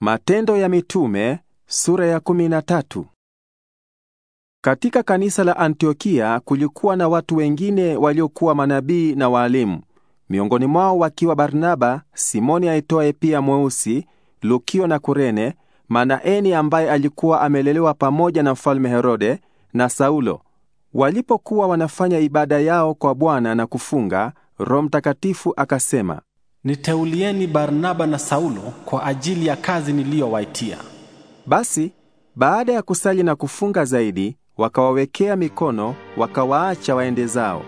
Matendo ya Mitume sura ya kumi na tatu. Katika kanisa la Antiokia kulikuwa na watu wengine waliokuwa manabii na waalimu, miongoni mwao wakiwa Barnaba, Simoni aitwaye pia Mweusi, Lukio na Kurene, Manaeni ambaye alikuwa amelelewa pamoja na Mfalme Herode na Saulo. Walipokuwa wanafanya ibada yao kwa Bwana na kufunga, Roho Mtakatifu akasema, niteulieni Barnaba na Saulo kwa ajili ya kazi niliyowaitia. Basi baada ya kusali na kufunga zaidi, wakawawekea mikono, wakawaacha waende zao.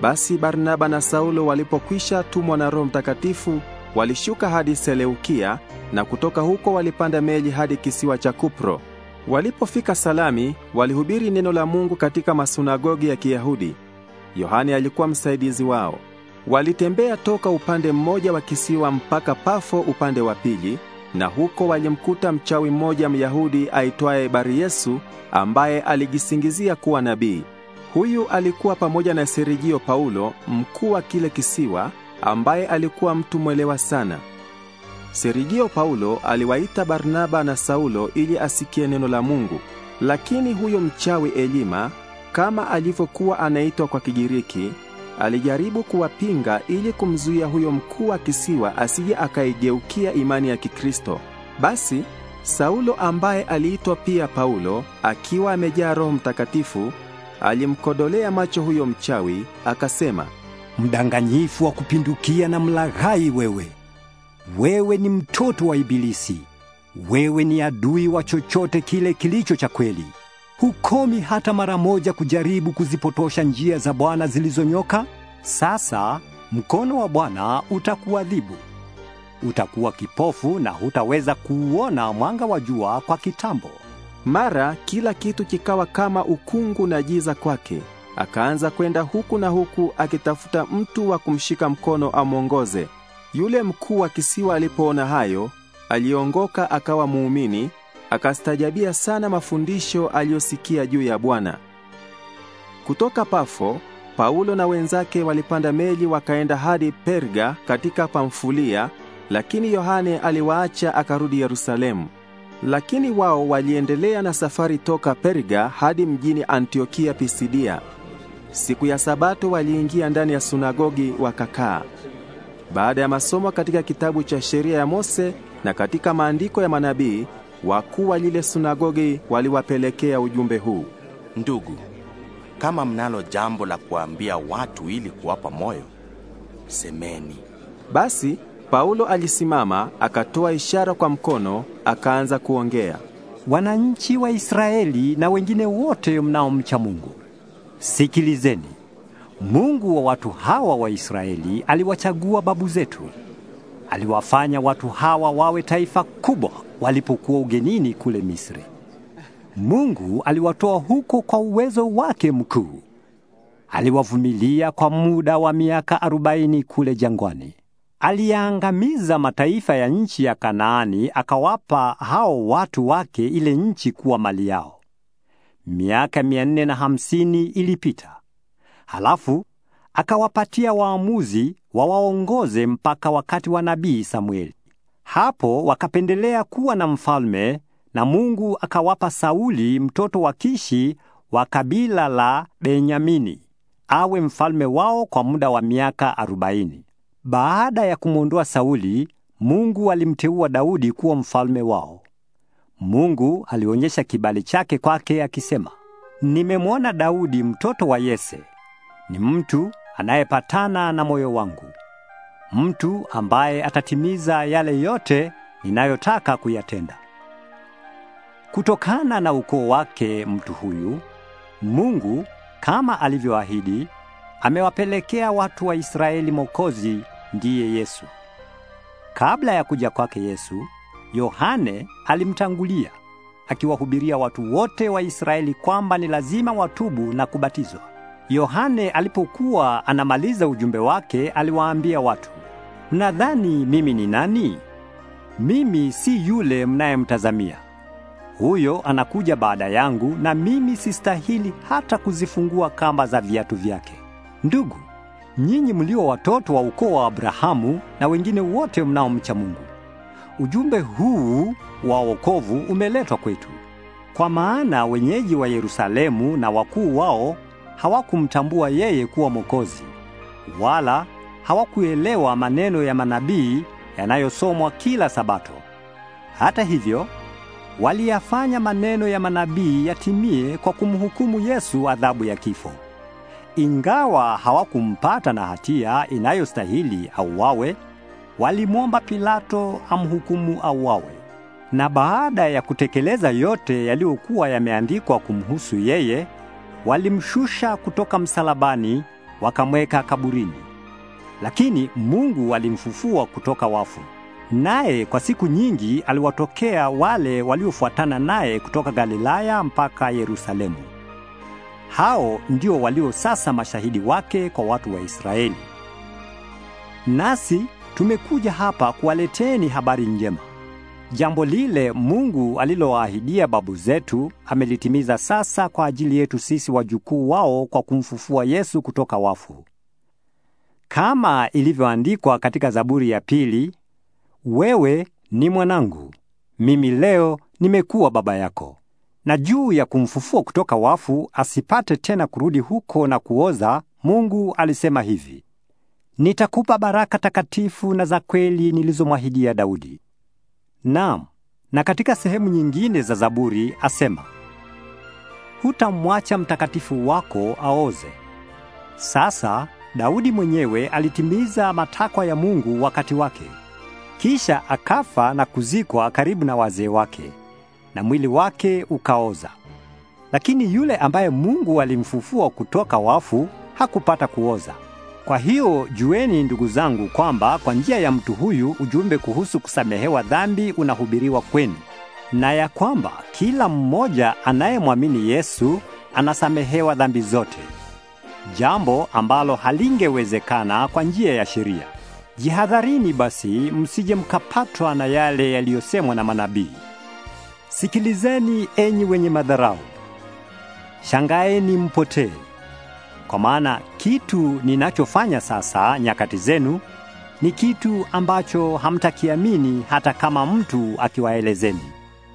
Basi Barnaba na Saulo walipokwisha tumwa na Roho Mtakatifu, walishuka hadi Seleukia na kutoka huko walipanda meli hadi kisiwa cha Kupro. Walipofika Salami, walihubiri neno la Mungu katika masunagogi ya Kiyahudi. Yohane alikuwa msaidizi wao. Walitembea toka upande mmoja wa kisiwa mpaka Pafo upande wa pili, na huko walimkuta mchawi mmoja Myahudi aitwaye yesu ambaye alijisingizia kuwa nabii. Huyu alikuwa pamoja na Serigio Paulo, mkuu wa kile kisiwa, ambaye alikuwa mtu mwelewa sana. Serigio Paulo aliwaita Barnaba na Saulo ili asikie neno la Mungu. Lakini huyo mchawi Elima, kama alivyokuwa anaitwa kwa Kigiriki, alijaribu kuwapinga ili kumzuia huyo mkuu wa kisiwa asije akaigeukia imani ya Kikristo. Basi Saulo ambaye aliitwa pia Paulo, akiwa amejaa Roho Mtakatifu, alimkodolea macho huyo mchawi, akasema, mdanganyifu wa kupindukia na mlaghai wewe! Wewe ni mtoto wa Ibilisi, wewe ni adui wa chochote kile kilicho cha kweli hukomi hata mara moja kujaribu kuzipotosha njia za Bwana zilizonyoka, sasa mkono wa Bwana utakuadhibu. Utakuwa kipofu na hutaweza kuuona mwanga wa jua kwa kitambo. Mara kila kitu kikawa kama ukungu na giza kwake. Akaanza kwenda huku na huku akitafuta mtu wa kumshika mkono amwongoze. Yule mkuu wa kisiwa alipoona hayo, aliongoka akawa muumini akastajabia sana mafundisho aliyosikia juu ya Bwana. Kutoka Pafo, Paulo na wenzake walipanda meli wakaenda hadi Perga katika Pamfulia, lakini Yohane aliwaacha akarudi Yerusalemu. Lakini wao waliendelea na safari toka Perga hadi mjini Antiokia Pisidia. Siku ya Sabato waliingia ndani ya sunagogi wakakaa. Baada ya masomo katika kitabu cha sheria ya Mose na katika maandiko ya manabii, Wakuu wa lile sunagogi waliwapelekea ujumbe huu: Ndugu, kama mnalo jambo la kuambia watu ili kuwapa moyo, semeni. Basi Paulo alisimama akatoa ishara kwa mkono, akaanza kuongea. Wananchi wa Israeli na wengine wote mnaomcha Mungu, sikilizeni. Mungu wa watu hawa wa Israeli aliwachagua babu zetu aliwafanya watu hawa wawe taifa kubwa walipokuwa ugenini kule Misri. Mungu aliwatoa huko kwa uwezo wake mkuu. Aliwavumilia kwa muda wa miaka arobaini kule jangwani. Aliyaangamiza mataifa ya nchi ya Kanaani, akawapa hao watu wake ile nchi kuwa mali yao. Miaka mia nne na hamsini ilipita. Halafu akawapatia waamuzi wawaongoze mpaka wakati wa nabii Samueli. Hapo wakapendelea kuwa na mfalme, na Mungu akawapa Sauli mtoto wa Kishi wa kabila la Benyamini awe mfalme wao kwa muda wa miaka arobaini. Baada ya kumwondoa Sauli, Mungu alimteua Daudi kuwa mfalme wao. Mungu alionyesha kibali chake kwake akisema, nimemwona Daudi mtoto wa Yese, ni mtu anayepatana na moyo wangu, mtu ambaye atatimiza yale yote ninayotaka kuyatenda. Kutokana na ukoo wake mtu huyu, Mungu kama alivyoahidi, amewapelekea watu wa Israeli Mwokozi, ndiye Yesu. Kabla ya kuja kwake Yesu, Yohane alimtangulia akiwahubiria watu wote wa Israeli kwamba ni lazima watubu na kubatizwa. Yohane alipokuwa anamaliza ujumbe wake, aliwaambia watu, mnadhani mimi ni nani? Mimi si yule mnayemtazamia. Huyo anakuja baada yangu, na mimi sistahili hata kuzifungua kamba za viatu vyake. Ndugu, nyinyi mlio watoto wa ukoo wa Abrahamu na wengine wote mnaomcha Mungu, ujumbe huu wa wokovu umeletwa kwetu, kwa maana wenyeji wa Yerusalemu na wakuu wao hawakumtambua yeye kuwa Mwokozi, wala hawakuelewa maneno ya manabii yanayosomwa kila Sabato. Hata hivyo, waliyafanya maneno ya manabii yatimie kwa kumhukumu Yesu adhabu ya kifo. Ingawa hawakumpata na hatia inayostahili auawe, walimwomba Pilato amhukumu auawe. Na baada ya kutekeleza yote yaliyokuwa yameandikwa kumhusu yeye, walimshusha kutoka msalabani wakamweka kaburini. Lakini Mungu alimfufua kutoka wafu. Naye kwa siku nyingi aliwatokea wale waliofuatana naye kutoka Galilaya mpaka Yerusalemu. Hao ndio walio sasa mashahidi wake kwa watu wa Israeli. Nasi tumekuja hapa kuwaleteni habari njema. Jambo lile Mungu aliloahidia babu zetu amelitimiza sasa kwa ajili yetu sisi wajukuu wao kwa kumfufua Yesu kutoka wafu. Kama ilivyoandikwa katika Zaburi ya pili, wewe ni mwanangu, mimi leo nimekuwa baba yako. Na juu ya kumfufua kutoka wafu asipate tena kurudi huko na kuoza, Mungu alisema hivi: Nitakupa baraka takatifu na za kweli nilizomwahidia Daudi. Naam, na katika sehemu nyingine za Zaburi asema, hutamwacha mtakatifu wako aoze. Sasa Daudi mwenyewe alitimiza matakwa ya Mungu wakati wake. Kisha akafa na kuzikwa karibu na wazee wake na mwili wake ukaoza. Lakini yule ambaye Mungu alimfufua kutoka wafu hakupata kuoza. Kwa hiyo jueni, ndugu zangu, kwamba kwa njia ya mtu huyu ujumbe kuhusu kusamehewa dhambi unahubiriwa kwenu, na ya kwamba kila mmoja anayemwamini Yesu anasamehewa dhambi zote, jambo ambalo halingewezekana kwa njia ya sheria. Jihadharini basi msije mkapatwa na yale yaliyosemwa na manabii: Sikilizeni enyi wenye madharau, shangaeni mpotee kwa maana kitu ninachofanya sasa nyakati zenu ni kitu ambacho hamtakiamini hata kama mtu akiwaelezeni.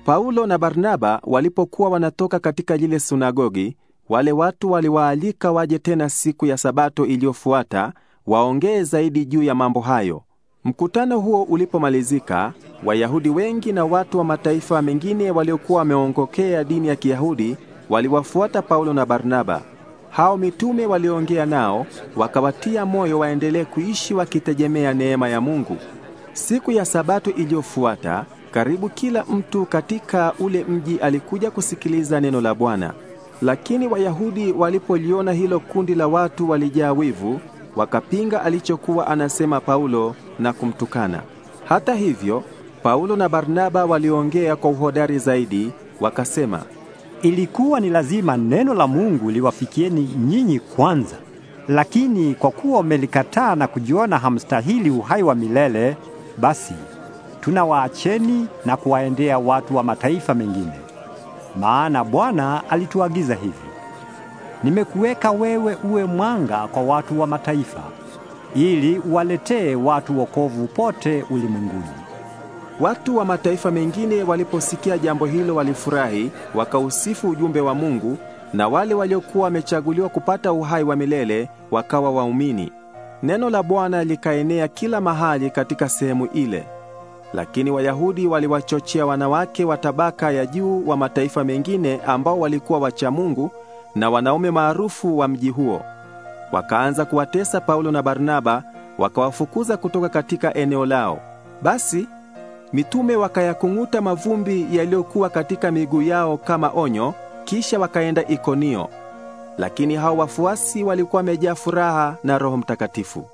Paulo na Barnaba walipokuwa wanatoka katika lile sunagogi, wale watu waliwaalika waje tena siku ya Sabato iliyofuata waongee zaidi juu ya mambo hayo. Mkutano huo ulipomalizika, Wayahudi wengi na watu wa mataifa mengine waliokuwa wameongokea dini ya Kiyahudi waliwafuata Paulo na Barnaba. Hao mitume waliongea nao wakawatia moyo waendelee kuishi wakitegemea neema ya Mungu. Siku ya Sabato iliyofuata, karibu kila mtu katika ule mji alikuja kusikiliza neno la Bwana. Lakini Wayahudi walipoliona hilo kundi la watu walijaa wivu, wakapinga alichokuwa anasema Paulo na kumtukana. Hata hivyo, Paulo na Barnaba waliongea kwa uhodari zaidi, wakasema, ilikuwa ni lazima neno la Mungu liwafikieni nyinyi kwanza. Lakini kwa kuwa umelikataa na kujiona hamstahili uhai wa milele, basi tunawaacheni na kuwaendea watu wa mataifa mengine. Maana Bwana alituagiza hivi: Nimekuweka wewe uwe mwanga kwa watu wa mataifa, ili uwaletee watu wokovu pote ulimwenguni. Watu wa mataifa mengine waliposikia jambo hilo walifurahi, wakausifu ujumbe wa Mungu na wale waliokuwa wamechaguliwa kupata uhai wa milele wakawa waumini. Neno la Bwana likaenea kila mahali katika sehemu ile. Lakini Wayahudi waliwachochea wanawake wa tabaka ya juu wa mataifa mengine ambao walikuwa wacha Mungu na wanaume maarufu wa mji huo. Wakaanza kuwatesa Paulo na Barnaba, wakawafukuza kutoka katika eneo lao. Basi Mitume wakayakung'uta mavumbi yaliyokuwa katika miguu yao kama onyo, kisha wakaenda Ikonio. Lakini hao wafuasi walikuwa wamejaa furaha na Roho Mtakatifu.